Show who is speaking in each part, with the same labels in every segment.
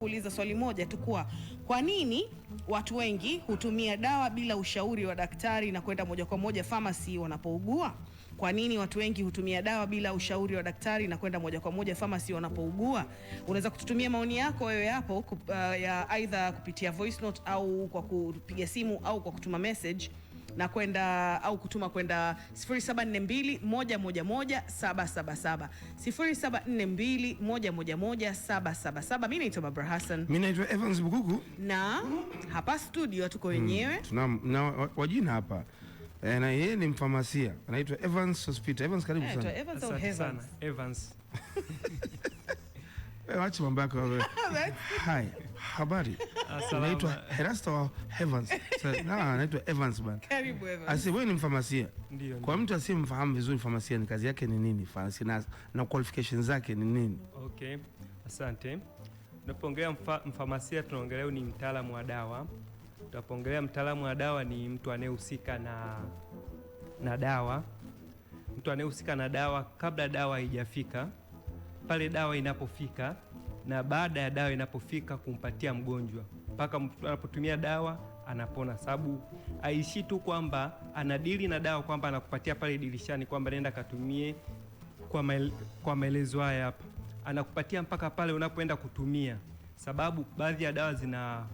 Speaker 1: Kuuliza swali moja tu kuwa kwa nini watu wengi hutumia dawa bila ushauri wa daktari na kwenda moja kwa moja famasi wanapougua? Kwa nini watu wengi hutumia dawa bila ushauri wa daktari na kwenda moja kwa moja famasi wanapougua? Unaweza kututumia maoni yako wewe hapo, uh, ya aidha kupitia voice note au kwa kupiga simu au kwa kutuma message na kwenda au kutuma kwenda 0742111777 0742111777. Mimi naitwa Babra Hassan.
Speaker 2: Mimi naitwa Evans Bukuku
Speaker 1: na hapa studio tuko hmm. wenyewe mm,
Speaker 2: tuna na wajina hapa e, na yeye ni mfamasia anaitwa Evans Hospital. Evans, karibu sana.
Speaker 1: Evans,
Speaker 3: Evans.
Speaker 2: Eh, Wacha mambo yako wewe. Hai, habari. Naitwa Erasto Evans. Na naitwa Evans bana.
Speaker 1: Karibu Evans.
Speaker 2: Asi wewe ni mfamasia. Ndio. Kwa mtu asiyemfahamu vizuri mfamasia ni kazi yake ni nini? Fasi na, na qualifications zake ni nini?
Speaker 3: Okay. Asante. Tunapoongelea mfa, mfamasia tunaongelea ni mtaalamu wa dawa. Tunapoongelea mtaalamu wa dawa ni mtu anayehusika na na dawa. Mtu anayehusika na dawa kabla dawa haijafika pale dawa inapofika na baada ya dawa inapofika kumpatia mgonjwa mpaka anapotumia dawa anapona, sababu aishi tu kwamba anadili na dawa kwamba anakupatia pale dirishani kwamba nenda katumie. Kwa, maele, kwa maelezo haya hapa anakupatia mpaka pale unapoenda kutumia, sababu baadhi ya dawa zina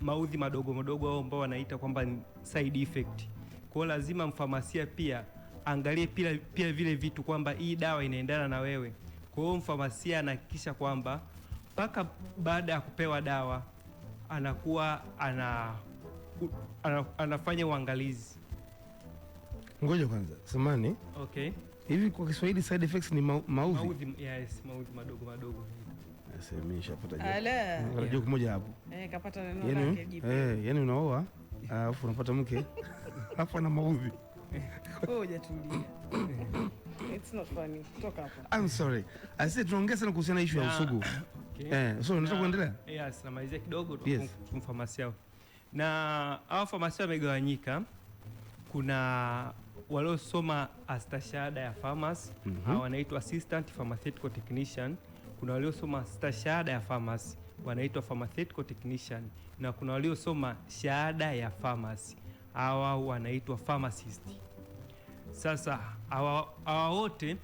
Speaker 3: maudhi madogo madogo au ambao wanaita kwamba side effect. Kwa hiyo lazima mfamasia pia angalie pia, pia vile vitu kwamba hii dawa inaendana na wewe. Kwa hiyo mfamasia anahakikisha kwamba mpaka baada ya kupewa dawa anakuwa ana, ana, anafanya uangalizi.
Speaker 2: Ngoja kwanza samani, okay. Hivi kwa Kiswahili side effects ni maudhi? Maudhi,
Speaker 3: yes, maudhi madogo madogo.
Speaker 2: Joke moja hapo.
Speaker 1: Eh, kapata neno
Speaker 2: yaani, lake jibu. Eh, yani unaoa alafu unapata mke hapo na maudhi
Speaker 1: wewe
Speaker 2: kuhusiana na ya usugu.
Speaker 3: Eh, namalizia kidogo Na famasia wamegawanyika. Kuna waliosoma astashahada ya pharmacy, mm -hmm. wanaitwa assistant pharmaceutical technician. Kuna waliosoma astashahada ya pharmacy wanaitwa pharmaceutical technician, na kuna waliosoma shahada ya pharmacy hawa wanaitwa pharmacist. Sasa hawa wote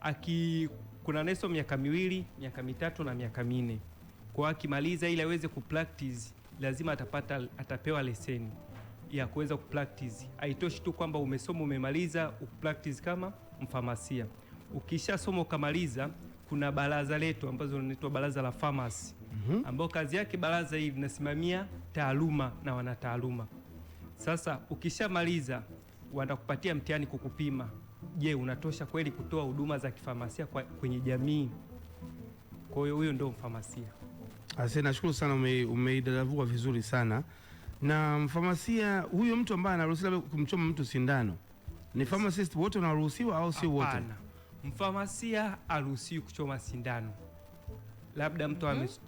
Speaker 3: aki kuna Nelson miaka miwili, miaka mitatu na miaka minne. Kwa akimaliza ili aweze kupractice lazima atapata atapewa leseni ya kuweza kupractice. Haitoshi tu kwamba umesoma umemaliza, upractice kama mfamasia. Ukishasoma ukamaliza, kuna baraza letu ambazo linaitwa baraza la famasi mm -hmm. ambao kazi yake baraza hili linasimamia taaluma na wanataaluma. Sasa ukishamaliza wanakupatia mtihani kukupima, je, unatosha kweli kutoa huduma za kifamasia kwa, kwenye jamii. Kwa hiyo huyo ndio mfamasia.
Speaker 2: Asante, nashukuru sana, umeidadavua ume vizuri sana. Na mfamasia huyo mtu ambaye anaruhusiwa kumchoma mtu sindano ni yes. Pharmacist wote wanaruhusiwa au si wote? Hapana,
Speaker 3: mfamasia aruhusiwi kuchoma sindano, labda mtu mm -hmm.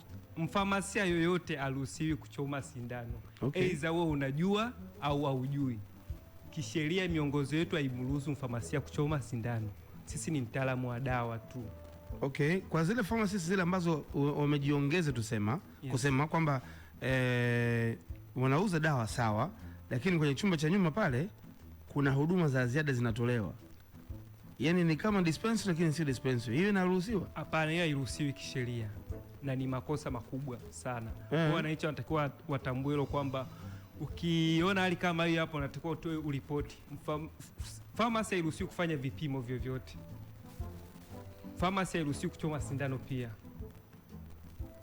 Speaker 3: Mfamasia yoyote aruhusiwi kuchoma sindano okay. Aidha wewe unajua au haujui kisheria miongozo yetu haimruhusu mfamasia kuchoma sindano. Sisi ni mtaalamu wa dawa tu.
Speaker 2: Okay, kwa zile pharmacies zile ambazo wamejiongeza tusema, yes, kusema kwamba e, wanauza dawa sawa, lakini kwenye chumba cha nyuma pale kuna huduma za ziada zinatolewa. Yaani ni kama dispensary lakini si dispensary. Hiyo inaruhusiwa?
Speaker 3: Hapana, hiyo hairuhusiwi kisheria na ni makosa makubwa sana. Eh. Wananchi wanatakiwa watambue hilo kwamba Ukiona hali kama hiyo hapo, unatakiwa utoe uripoti. Famasi hairuhusiwi kufanya vipimo vyovyote, famasi hairuhusiwi kuchoma sindano pia.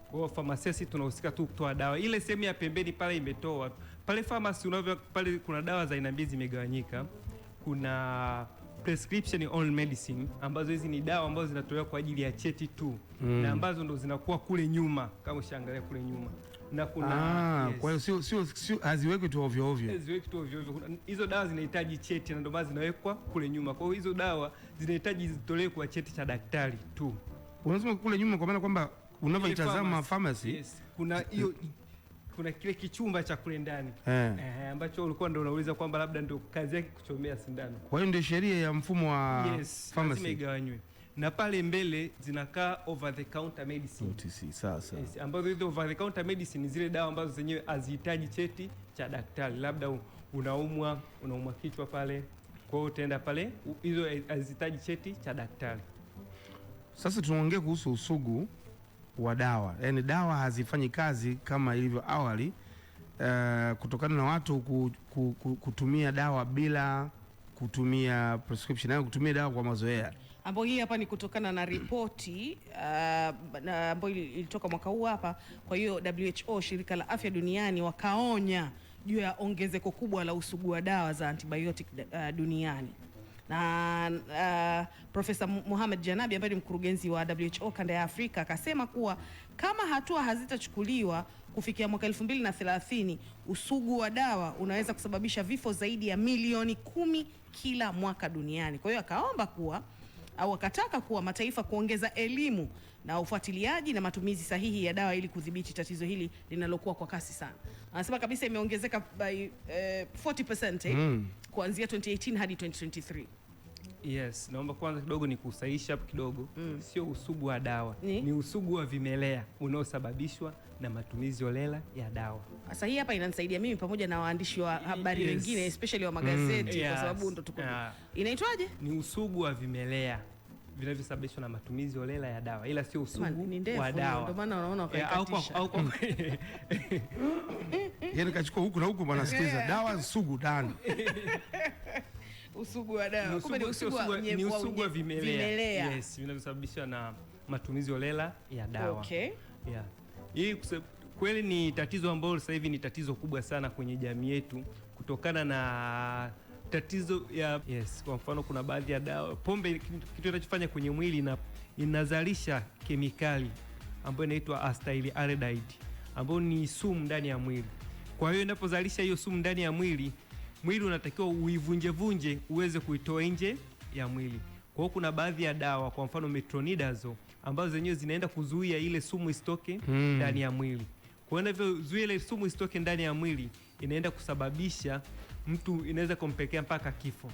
Speaker 3: Kwa hiyo famasi sisi tunahusika tu kutoa dawa. Ile sehemu ya pembeni pale imetoa pale famasi unavyo pale, kuna dawa za aina mbili zimegawanyika. Kuna prescription only medicine ambazo hizi ni dawa ambazo zinatolewa kwa ajili ya cheti tu mm, na ambazo ndo zinakuwa kule nyuma, kama ushaangalia kule nyuma na kuna
Speaker 2: ah, yes. Kwa hiyo sio sio sio haziwekwi tu ovyo ovyo,
Speaker 3: haziwekwi tu ovyo ovyo. Hizo dawa zinahitaji cheti na ndio maana zinawekwa kule nyuma. Kwa hiyo hizo dawa zinahitaji zitolewe kwa cheti cha daktari tu,
Speaker 2: unasema kule nyuma, kwa maana kwamba unavyoitazama pharmacy yes.
Speaker 3: kuna hiyo kuna kile kichumba cha kule ndani eh. eh, ambacho ulikuwa ndio unauliza kwamba labda ndio kazi yake kuchomea sindano.
Speaker 2: Kwa hiyo ndio sheria ya mfumo wa yes, pharmacy
Speaker 3: na pale mbele zinakaa over the counter medicine
Speaker 2: OTC. Sasa yes,
Speaker 3: ambazo hizo over the counter medicine ni zile dawa ambazo zenyewe hazihitaji cheti cha daktari, labda unaumwa unaumwa kichwa pale, kwa hiyo utaenda pale, hizo hazihitaji cheti cha daktari.
Speaker 2: Sasa tunaongea kuhusu usugu wa dawa, yaani dawa hazifanyi kazi kama ilivyo awali, uh, kutokana na watu ku, ku, ku, kutumia dawa bila kutumia prescription, yaani kutumia dawa kwa mazoea
Speaker 1: ambayo hii hapa ni kutokana na ripoti uh, ambayo ilitoka mwaka huu hapa. Kwa hiyo WHO, shirika la afya duniani, wakaonya juu ya ongezeko kubwa la usugu wa dawa za antibiotic uh, duniani na uh, Profesa Mohamed Janabi ambaye ni mkurugenzi wa WHO kanda ya Afrika akasema kuwa kama hatua hazitachukuliwa kufikia mwaka 2030 usugu wa dawa unaweza kusababisha vifo zaidi ya milioni kumi kila mwaka duniani. Kwa hiyo akaomba kuwa au akataka kuwa mataifa kuongeza elimu na ufuatiliaji na matumizi sahihi ya dawa ili kudhibiti tatizo hili linalokuwa kwa kasi sana. Anasema kabisa imeongezeka by uh, 40% eh, mm. kuanzia 2018 hadi 2023.
Speaker 3: Yes, naomba kwanza kidogo ni kusaisha hapo kidogo mm. Sio usugu wa dawa ni? ni usugu wa vimelea unaosababishwa na matumizi holela ya dawa.
Speaker 1: Sasa hii hapa inanisaidia mimi pamoja na waandishi wa habari yes. wengine especially wa mm, magazeti mm. yes. kwa sababu ndo tuko yeah. Inaitwaje?
Speaker 3: Ni usugu wa vimelea vinavyosababishwa na matumizi holela ya dawa, ila sio usugu wa dawa. Ndio
Speaker 1: maana unaona wakaikatisha eh, au kwa
Speaker 2: yani kachukua huku na huku, bwana sikiza, dawa sugu ndani
Speaker 1: usugu wa dawa,
Speaker 3: kumbe ni usugu wa ni usugu wa vimelea, yes, vinavyosababishwa na matumizi holela ya dawa. Okay, yeah, hii kweli ni tatizo ambalo sasa hivi ni tatizo kubwa sana kwenye jamii yetu kutokana na tatizo ya yes. Kwa mfano kuna baadhi ya dawa, pombe, kitu inachofanya kwenye mwili na inazalisha kemikali ambayo inaitwa acetaldehyde ambayo ni sumu ndani ya mwili. Kwa hiyo inapozalisha hiyo sumu ndani ya mwili mwili unatakiwa uivunjevunje uweze kuitoa nje ya mwili. Kwa hiyo kuna baadhi ya dawa, kwa mfano metronidazo, ambazo zenyewe zinaenda kuzuia ile sumu isitoke hmm. ndani hmm. ya mwili. Kwa hiyo zuia ile sumu isitoke ndani ya mwili, inaenda kusababisha mtu, inaweza kumpekea mpaka kifo.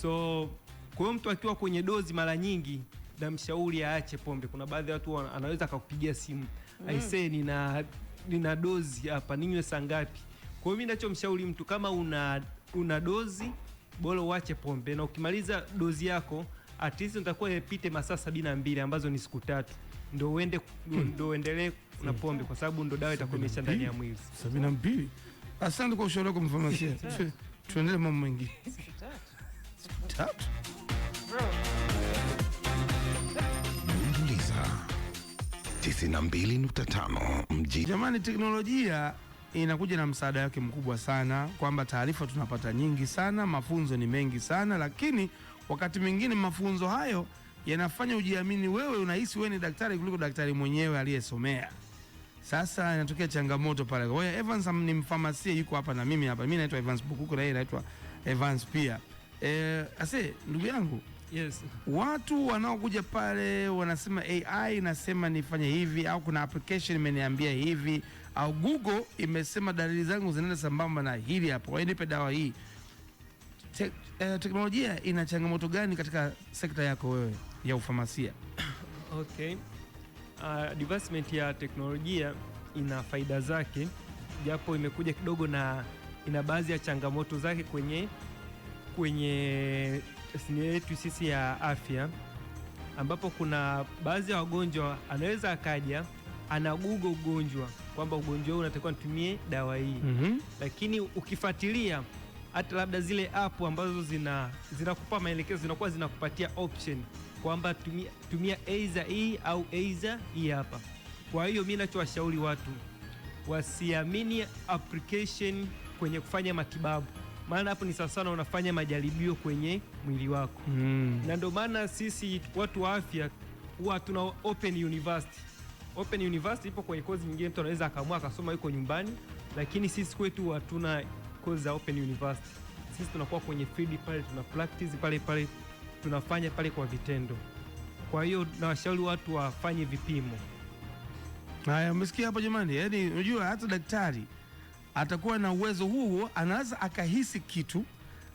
Speaker 3: So kwa hiyo mtu akiwa kwenye dozi mara nyingi namshauri aache pombe. Kuna baadhi ya watu anaweza akakupigia simu mm. Aisee, nina, nina dozi hapa ninywe saa ngapi? Kwa hiyo mimi ninachomshauri mtu kama una, una dozi bora uache pombe, na ukimaliza dozi yako at least utakuwa yapite masaa sabini na mbili ambazo ni siku tatu, ndo uende ndo uendelee na pombe, kwa sababu ndo dawa itakomesha ndani ya mwili.
Speaker 2: sabini na mbili. Asante kwa ushauri wako mfamasia. Tuendelee mambo mengine. Siku tatu mbili nukta tano mjini. Jamani, teknolojia inakuja na msaada wake mkubwa sana, kwamba taarifa tunapata nyingi sana, mafunzo ni mengi sana, lakini wakati mwingine mafunzo hayo yanafanya ujiamini, wewe unahisi wewe ni daktari kuliko daktari mwenyewe aliyesomea. Sasa inatokea changamoto pale. Kwa hiyo Evans ni mfamasia, yuko hapa na mimi hapa. Mimi naitwa Evans Bukuku na yeye anaitwa Evans pia. Eh, ase ndugu yangu Yes. Watu wanaokuja pale wanasema AI nasema nifanye hivi au kuna application imeniambia hivi au Google imesema dalili zangu zinaenda sambamba na hili hapo, nipe dawa hii. Te, eh, teknolojia ina changamoto gani katika sekta yako wewe ya ufamasia?
Speaker 3: Okay. Uh, ah, development ya teknolojia ina faida zake japo imekuja kidogo na ina baadhi ya changamoto zake kwenye kwenye yetu sisi ya afya, ambapo kuna baadhi ya wagonjwa anaweza akaja ana google ugonjwa kwamba ugonjwa huu unatakiwa nitumie dawa hii mm -hmm. Lakini ukifuatilia hata labda zile app ambazo zina zinakupa maelekezo zinakuwa zinakupatia option kwamba tumia, tumia aidha hii e au aidha hii e hapa. Kwa hiyo mimi nachowashauri watu wasiamini application kwenye kufanya matibabu, maana hapo ni sawa sana unafanya majaribio kwenye mwili wako mm. Na ndio maana sisi watu wa afya huwa tuna open university Open University ipo kwenye kozi nyingine, mtu anaweza akaamua akasoma yuko nyumbani, lakini sisi kwetu hatuna kozi za Open University. Sisi tunakuwa kwenye field pale, tuna practice pale pale, tunafanya pale kwa vitendo. Kwa hiyo nawashauri watu wafanye vipimo.
Speaker 2: Haya, umesikia hapo jamani? Yaani unajua hata daktari atakuwa na uwezo huo, anaweza akahisi kitu,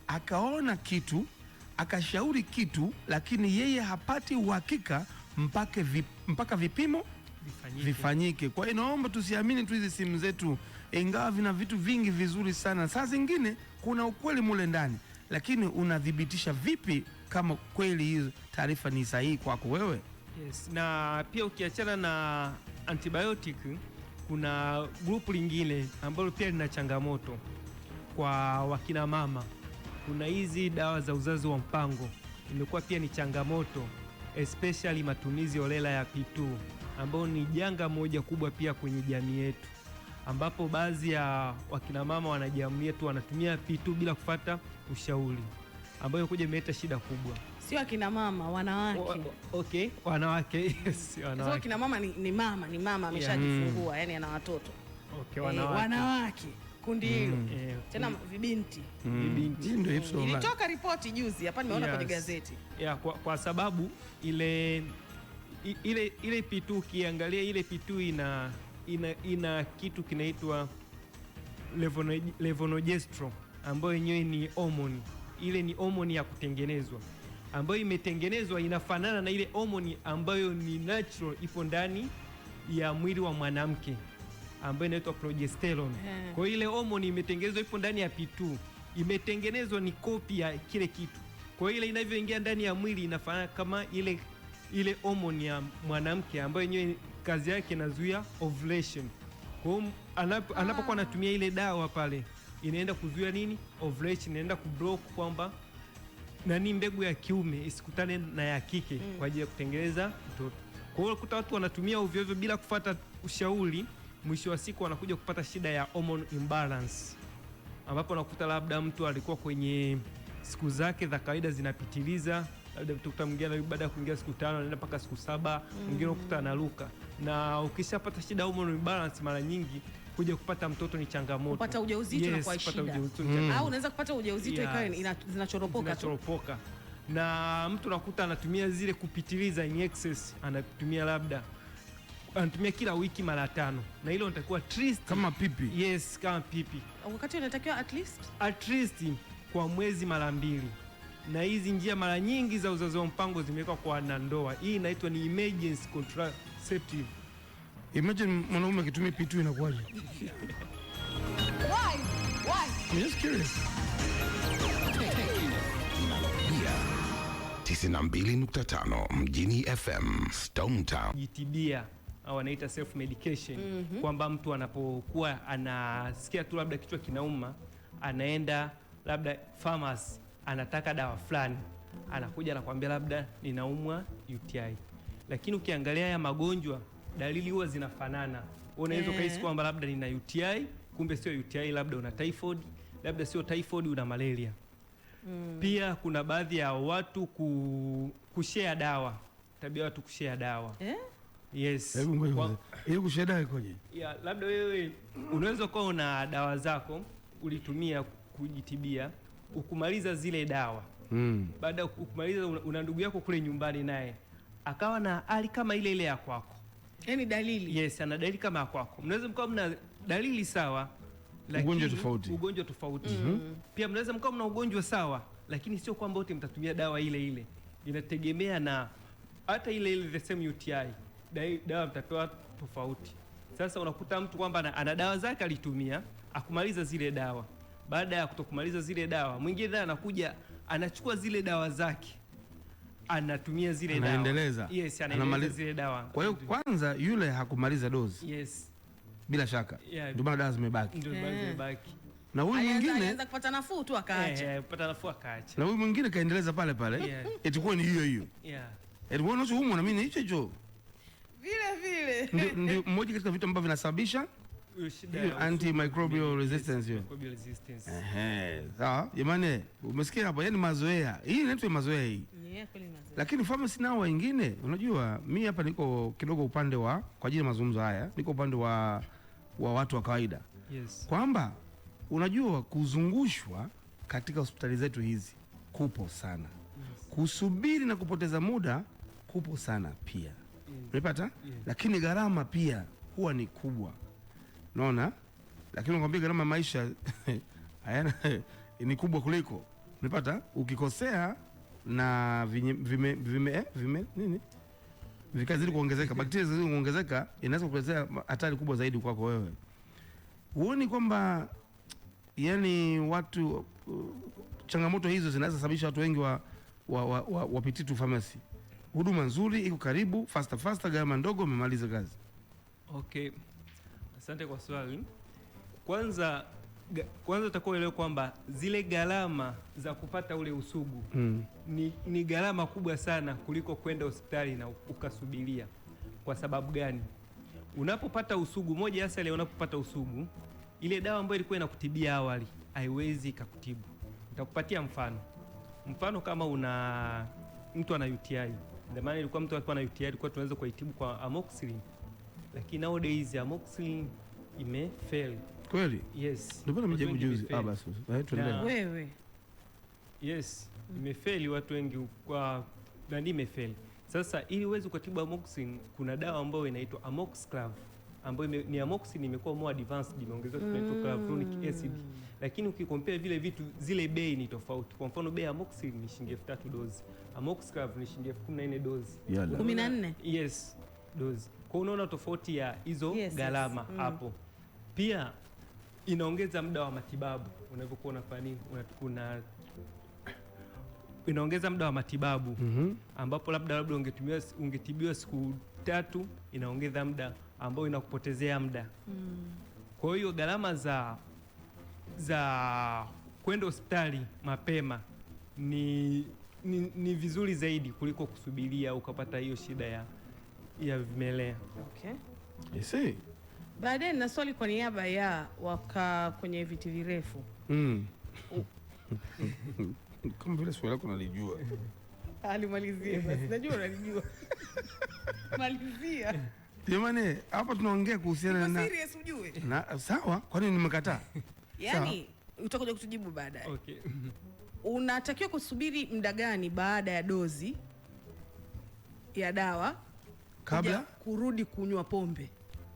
Speaker 2: akaona kitu, akashauri kitu, lakini yeye hapati uhakika mpaka vip, mpaka vipimo vifanyike, vifanyike. Kwa hiyo naomba tusiamini tu hizi simu zetu, ingawa vina vitu vingi vizuri sana, saa zingine kuna ukweli mule ndani, lakini unathibitisha vipi kama kweli hizo taarifa ni sahihi kwako wewe?
Speaker 3: Yes, na pia ukiachana na antibiotic kuna grupu lingine ambalo pia lina changamoto kwa wakina mama. Kuna hizi dawa za uzazi wa mpango, imekuwa pia ni changamoto especially matumizi holela ya P2 ambao ni janga moja kubwa pia kwenye jamii yetu, ambapo baadhi ya wakinamama wanajamii yetu wanatumia pitu bila kufata ushauri, ambayo kuja imeleta shida kubwa.
Speaker 1: Sio akina mama, wanawake. O,
Speaker 3: okay,
Speaker 2: wanawake
Speaker 1: yes, wanawake. Sio akina mama ni, ni mama ni mama ameshajifungua yeah. Yani ana watoto okay, eh, wanawake. E, wanawake kundi mm. hilo mm. yeah, tena vibinti
Speaker 2: mm, vibinti ndio
Speaker 1: hizo Ilitoka ripoti juzi hapa nimeona yes. kwenye gazeti
Speaker 3: yeah, kwa, kwa sababu ile ile ile pitu ukiangalia ile pitu ina ina, ina kitu kinaitwa levonorgestrel ambayo yenyewe ni homoni. Ile ni homoni ya kutengenezwa ambayo imetengenezwa inafanana na ile homoni ambayo ni natural ipo ndani ya mwili wa mwanamke ambayo inaitwa progesterone. Kwa hiyo ile homoni imetengenezwa ipo ndani ya pitu, imetengenezwa ni kopi ya kile kitu. Kwa hiyo ile inavyoingia ndani ya mwili inafanana kama ile ile homoni ya mwanamke ambayo yenyewe kazi yake inazuia ovulation. Kwa hiyo anapokuwa ah, anatumia ile dawa pale inaenda kuzuia nini? Ovulation inaenda kublock kwamba nani mbegu ya kiume isikutane na ya kike mm. kwa ajili ya kutengeneza mtoto. Kwa hiyo kuta watu wanatumia ovyo ovyo bila kufata ushauri, mwisho wa siku wanakuja kupata shida ya hormone imbalance, ambapo nakuta labda mtu alikuwa kwenye siku zake za kawaida zinapitiliza tukuta mwingine baada ya kuingia siku tano anaenda mpaka siku saba, mwingine mm. ukuta anaruka, na ukishapata shida humo ni balance mara nyingi kuja kupata mtoto ni changamoto.
Speaker 1: Kupata ujauzito yes, na kwa shida mm. au unaweza kupata ujauzito ikawa zinachoropoka
Speaker 3: zinachoropoka na mtu nakuta anatumia zile kupitiliza in excess, anatumia labda anatumia kila wiki mara tano, na hilo natakiwa at least
Speaker 2: kama pipi
Speaker 3: yes, kama pipi
Speaker 1: wakati unatakiwa at least
Speaker 3: at least kwa mwezi mara mbili na hizi njia mara nyingi za uzazi wa mpango zimewekwa kwa wanandoa. Hii inaitwa ni emergency contraceptive.
Speaker 2: Imagine mwanaume akitumia P2 inakuwaje?
Speaker 1: Why? Why?
Speaker 2: Just curious.
Speaker 3: na mbili nukta tano mjini FM Stone Town. Jitibia au wanaita self medication mm -hmm. Kwamba mtu anapokuwa anasikia tu labda kichwa kinauma anaenda labda pharmacy anataka dawa fulani, anakuja anakuambia labda ninaumwa UTI, lakini ukiangalia haya magonjwa dalili huwa zinafanana, unaweza eh. kuhisi kwamba labda nina UTI, kumbe sio UTI, labda una typhoid, labda sio typhoid, una malaria. Mm. Pia kuna baadhi ya watu ku, kushare dawa, tabia watu kushare dawa eh? Yes.
Speaker 2: Hiyo kushare dawa ikoje?
Speaker 3: Ya, labda wewe unaweza kuwa una dawa zako ulitumia kujitibia ukumaliza zile dawa mm. Baada ya kumaliza, una ndugu yako kule nyumbani, naye akawa na hali kama ile ile ya kwako,
Speaker 1: yani dalili
Speaker 3: yes, ana dalili kama ya kwako. Mnaweza mkawa mna dalili sawa,
Speaker 2: lakini ugonjwa tofauti,
Speaker 3: ugonjwa tofauti mm -hmm. Pia mnaweza mkawa mna ugonjwa sawa, lakini sio kwamba wote mtatumia dawa ile ile, inategemea na hata ile ile the same UTI dawa mtapewa tofauti. Sasa unakuta mtu kwamba ana dawa zake alitumia akumaliza zile dawa baada ya kutokumaliza zile dawa, mwingine anakuja anachukua zile dawa zake anatumia zile dawa. anaendeleza Yes, anaendeleza zile dawa. Kwa
Speaker 2: hiyo kwanza yule hakumaliza dozi. Yes. Bila shaka. Yeah. Ndio maana dawa zimebaki.
Speaker 3: Ndio maana zimebaki.
Speaker 1: Na huyu mwingine anaanza kupata nafuu tu akaacha. Eh, eh,
Speaker 3: kupata nafuu akaacha.
Speaker 2: Na huyu mwingine kaendeleza pale pale. Yeah. Itakuwa ni hiyo hiyo. Yeah. Eti wewe unachoumwa na mimi ni hicho hicho. Vile vile. Ndio mmoja katika vitu ambavyo vinasababisha antimicrobial resistance hiyo. Ehe, sawa jamani, umesikia hapo? Yani mazoea hii inaitwa mazoea hii, mazoea. lakini pharmacy nao wengine, unajua mi hapa niko kidogo upande wa kwa ajili ya mazungumzo haya, niko upande wa, wa watu wa kawaida yes, kwamba unajua kuzungushwa katika hospitali zetu hizi kupo sana yes, kusubiri na kupoteza muda kupo sana pia yes, yes, lakini gharama pia huwa ni kubwa unaona, lakini nakwambia gharama ya maisha hayana ni kubwa kuliko unapata ukikosea na vime, vime, vime, eh, vime nini vikazidi kuongezeka, bakteria zizidi kuongezeka, inaweza kuletea hatari kubwa zaidi kwako wewe. Huoni kwamba yani watu changamoto hizo zinaweza sababisha watu wengi wa wa, wa, wa, wapitie tu pharmacy? Huduma nzuri iko karibu, faster faster, gharama ndogo, umemaliza kazi.
Speaker 3: Okay. Asante kwa swali. Kwanza kwanza utakuwa kwamba zile gharama za kupata ule usugu mm. ni, ni gharama kubwa sana kuliko kwenda hospitali na ukasubiria. Kwa sababu gani? Unapopata usugu moja hasa ile unapopata usugu, ile dawa ambayo ilikuwa inakutibia awali haiwezi ikakutibu. Nitakupatia mfano. Mfano kama una mtu ana UTI. Zamani ilikuwa mtu akiwa na UTI, ilikuwa tunaweza kuitibu kwa amoxicillin lakini nowadays amoxicillin imefail kweli. Yes,
Speaker 2: ndio maana mjabu juzi abas ah,
Speaker 1: wewe.
Speaker 3: Yes, imefeli watu wengi kwa nani, imefeli sasa. Ili uweze kutibu amoxicillin, kuna dawa ambayo inaitwa amoxiclav ambayo ime, ni amoxicillin imekuwa more advanced, imeongezwa mm. tunaitwa clavulanic acid, lakini ukikompea vile vitu, zile bei ni tofauti. Kwa mfano bei ya amoxicillin ni shilingi 3000 dozi, amoxiclav ni shilingi 14000 dozi
Speaker 1: 14
Speaker 3: yes dozi kwa unaona tofauti ya hizo yes, gharama mm. hapo mm. pia inaongeza muda wa matibabu unavyokuwa unafanya una inaongeza muda wa matibabu mm -hmm. ambapo labda labda ungetumia ungetibiwa siku tatu, inaongeza muda ambao inakupotezea muda mm. Kwa hiyo gharama za za kwenda hospitali mapema ni, ni, ni vizuri zaidi kuliko kusubiria ukapata hiyo shida ya ya vimelea.
Speaker 1: Okay. Yes. Baadaye na swali kwa niaba ya wakaa kwenye viti virefu mm.
Speaker 2: kama vile swali lako nalijua.
Speaker 1: Alimalizie ah, basi, najua unalijua. Malizia.
Speaker 2: Jamani, hapa tunaongea kuhusiana
Speaker 1: na serious, ujue
Speaker 2: na sawa. Kwa nini nimekataa?
Speaker 1: Yaani utakuja kutujibu baadaye. Okay. unatakiwa kusubiri muda gani baada ya dozi ya dawa kabla kurudi kunywa pombe.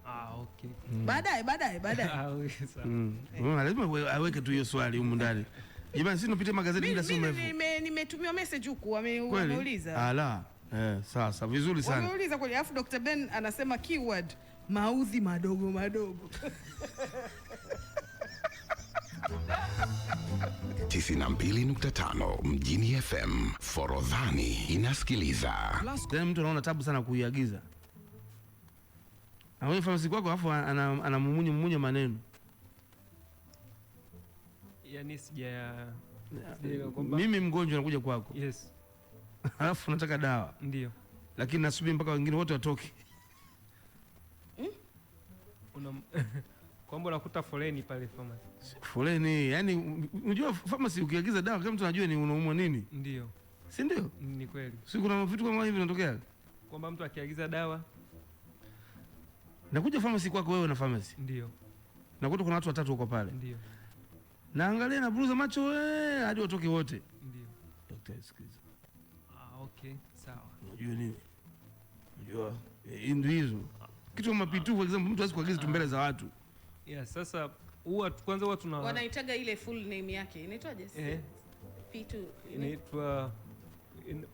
Speaker 3: Ah, okay.
Speaker 1: Mm. Baadaye baadaye baadaye.
Speaker 3: Ah, mm.
Speaker 2: Mm, lazima aweke tu hiyo swali humu ndani. Jamani, sisi tunapita magazeti bila simu
Speaker 1: Mimi nimetumia message huku ameuliza.
Speaker 2: Ala. Ah, eh, sasa vizuri sana.
Speaker 1: Ameuliza kweli. Alafu Dr. Ben anasema keyword maudhi madogo madogo.
Speaker 4: 92.5 mjini FM. Forodhani inasikiliza.
Speaker 2: Tunaona tabu sana kuiagiza na famasi kwako, afu anamumunya mumunya maneno
Speaker 3: yani, sija
Speaker 2: mimi mgonjwa nakuja kwako yes. Alafu nataka dawa ndio, lakini nasubiri mpaka wengine wote watoke
Speaker 3: kwamba unakuta foleni pale pharmacy.
Speaker 2: Foleni, yani unajua pharmacy ukiagiza dawa kama mtu anajua ni unaumwa nini? Ndio. Si ndio? Ni kweli. Si kuna vitu kama hivi vinatokea?
Speaker 3: Kwamba mtu akiagiza dawa
Speaker 2: nakuja pharmacy kwako wewe na pharmacy. Ndio. Nakuta kuna watu watatu huko pale. Ndio. Naangalia na bruza macho wewe eh, hadi watoke wote. Ndio. Daktari sikiliza.
Speaker 3: Ah, okay, sawa.
Speaker 2: Unajua nini? Unajua, eh, hii ndio hizo. Kitu kama pitu kwa example mtu hawezi kuagiza tumbele za watu.
Speaker 3: Yeah, sasa huwa kwanza huwa tuna
Speaker 1: wanaitaga ile full name yake inaitwaje? Eh. P2
Speaker 3: inaitwa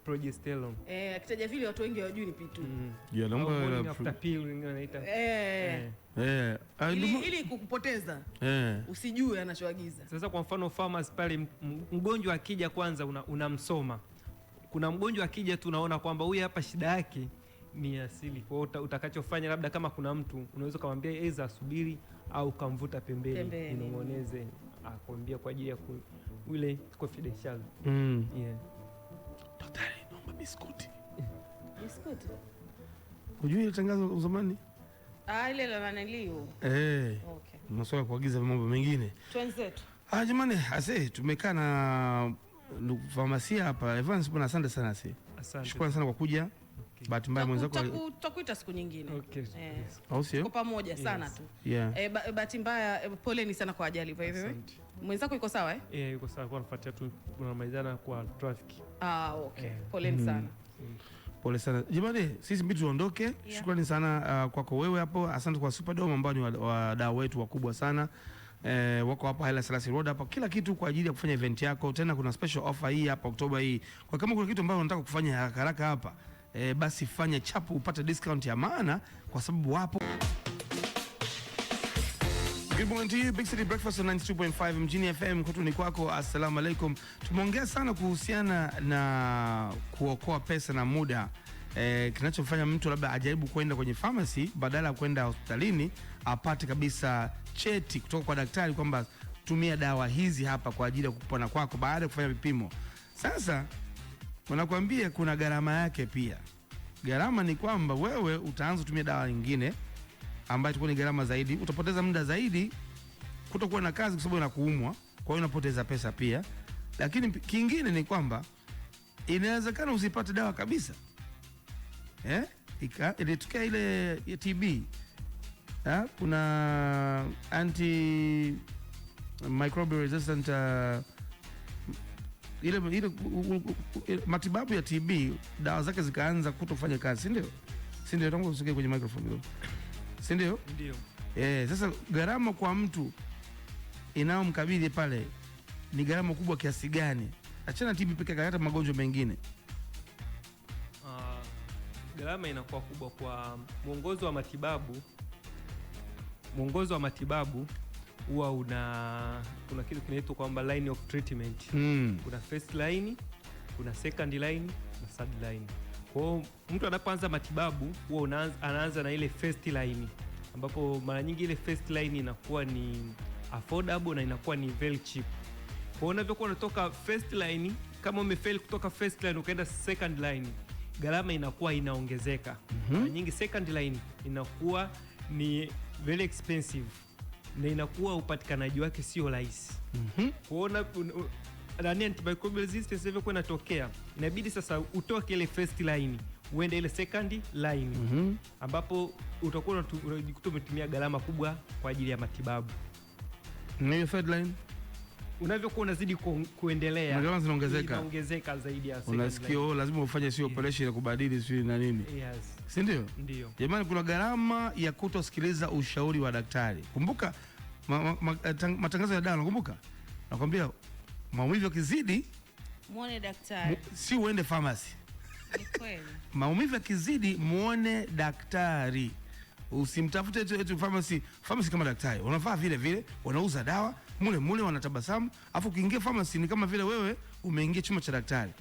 Speaker 3: progesterone.
Speaker 1: Eh, akitaja vile watu wengi hawajui ni P2. Mm.
Speaker 3: Yeah, naomba after pill wengine wanaita.
Speaker 1: Eh. Eh. eh. Ah, ili, ili kukupoteza. Eh. Usijue anachoagiza.
Speaker 3: Sasa kwa mfano pharmacy pale mgonjwa akija kwanza unamsoma. Una kuna mgonjwa akija tunaona kwamba huyu hapa shida yake ni asili. Kwa hiyo utakachofanya labda kama kuna mtu unaweza kumwambia aidha asubiri au kamvuta pembeni nimwoneze, akwambia kwa ajili ya ule confidential. Mm. Yeah.
Speaker 2: Daktari, naomba biskuti.
Speaker 1: Biskuti.
Speaker 2: Hujui ile tangazo zamani?
Speaker 1: Ah, ile la manelio.
Speaker 2: Eh. Okay. Masuala ya kuagiza mambo mengine. Twenzetu. Ah, jamani, ase tumekaa na famasia hapa. Evans, bwana asante sana ase. Asante. Shukrani sana kwa kuja. Bahati mbaya
Speaker 1: mwenzako tutakuita siku nyingine
Speaker 3: okay. Eh,
Speaker 2: yes. Tuko
Speaker 1: pamoja sana yes. tu yeah. Eh, bahati mbaya eh, poleni sana kwa ajali vile mwenzako yuko sawa eh?
Speaker 3: Yeah, yuko sawa kwa nafuatia tu tunamalizana kwa traffic.
Speaker 1: Ah, okay. Yeah. Poleni mm. sana mm.
Speaker 2: Pole sana jamani, sisi mbidi tuondoke yeah. Shukrani sana uh, kwako wewe hapo, asante kwa Superdome ambao ni wadau wetu wakubwa sana Eh, wako hapa Haile Selassie Road hapa, kila kitu kwa ajili ya kufanya event yako. Tena kuna special offer hii hapa Oktoba hii, kwa kama kuna kitu ambacho unataka kufanya haraka haraka hapa e, basi fanya chapu upate discount ya maana, kwa sababu wapo Good morning to you. Big City Breakfast on 92.5 Mjini FM kwetu ni kwako. Assalamu alaikum. Tumeongea sana kuhusiana na kuokoa pesa na muda. Eh, kinachofanya mtu labda ajaribu kwenda kwenye pharmacy badala ya kwenda hospitalini apate kabisa cheti kutoka kwa daktari kwamba tumia dawa hizi hapa kwa ajili ya kupona kwako baada ya kufanya vipimo. Sasa wanakuambia kuna gharama yake pia. Gharama ni kwamba wewe utaanza kutumia dawa nyingine ambayo itakuwa ni gharama zaidi, utapoteza muda zaidi, kutokuwa na kazi kwa sababu inakuumwa, kwa hiyo unapoteza pesa pia. Lakini kingine ni kwamba inawezekana usipate dawa kabisa eh? Ilitokea ile TB ha? kuna anti microbial resistant uh, ile, ile, matibabu ya TB dawa zake zikaanza kutofanya kazi, si ndio? Si ndio? Tangu usikie kwenye microphone, si ndio? Ndio. Eh, sasa gharama kwa mtu inayomkabidhi pale ni gharama kubwa kiasi gani? Achana TB peke yake, hata magonjwa mengine
Speaker 3: ah, gharama inakuwa kubwa kwa mwongozo wa matibabu. Mwongozo wa matibabu huwa una kuna kitu kinaitwa kwamba line of treatment mm. Kuna first line, kuna second line na third line. Kwa hiyo mtu anapoanza matibabu huwa anaanza na ile first line, ambapo mara nyingi ile first line inakuwa ni affordable na inakuwa ni very cheap. Kwa hiyo unavyokuwa unatoka first line, kama umefail kutoka first line ukaenda second line, gharama inakuwa inaongezeka. mm -hmm. Mara nyingi second line inakuwa ni very expensive na inakuwa upatikanaji wake sio rahisi mm -hmm. nani resistance hivyo inatokea, inabidi sasa utoke ile first line uende ile second line mm -hmm. ambapo utakuwa unajikuta umetumia gharama kubwa kwa ajili ya matibabu.
Speaker 2: Ni third line
Speaker 3: unavyokuwa unazidi kuendelea
Speaker 2: gharama zinaongezeka,
Speaker 3: zinaongezeka zaidi ya
Speaker 2: unasikia, oh, lazima ufanye sio operation ya kubadili sio na nini, yes. si ndio? Ndio jamani, kuna gharama ya kutosikiliza ushauri wa daktari. Kumbuka ma, ma, ma, eh, matangazo ya dawa, nakumbuka nakwambia, maumivu yakizidi
Speaker 1: muone daktari,
Speaker 2: si uende pharmacy. kweli, maumivu yakizidi muone daktari, usimtafute tu pharmacy. Pharmacy kama daktari, wanavaa vile vile, wanauza dawa mule mule wanatabasamu, afu ukiingia pharmacy ni kama vile wewe umeingia chumba cha daktari.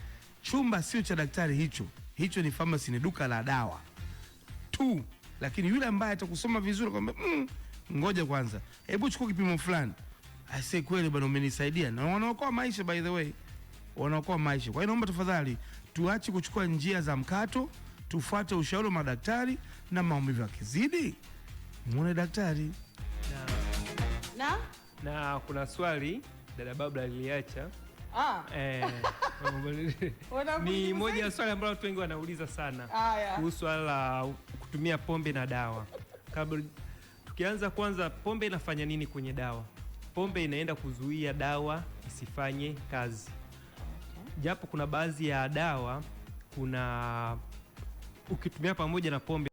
Speaker 2: Chumba sio cha daktari hicho, hicho ni pharmacy, ni duka la dawa tu. Lakini yule ambaye atakusoma vizuri kwamba mm, ngoja kwanza, hebu chukua kipimo fulani, aisee, kweli bwana, umenisaidia. Na wanaokoa maisha, by the way, wanaokoa maisha. Kwa hiyo naomba tafadhali tuache kuchukua njia za mkato, tufuate ushauri wa madaktari, na maumivu yakizidi muone daktari na,
Speaker 1: na?
Speaker 3: na kuna swali dada Babla aliliacha
Speaker 1: ah. Eh,
Speaker 3: ni moja ya swali ambalo watu wengi wanauliza sana ah, kuhusu ah, la kutumia pombe na dawa. Kabla tukianza, kwanza pombe inafanya nini kwenye dawa? Pombe inaenda kuzuia dawa isifanye kazi, japo kuna baadhi ya dawa kuna ukitumia pamoja na pombe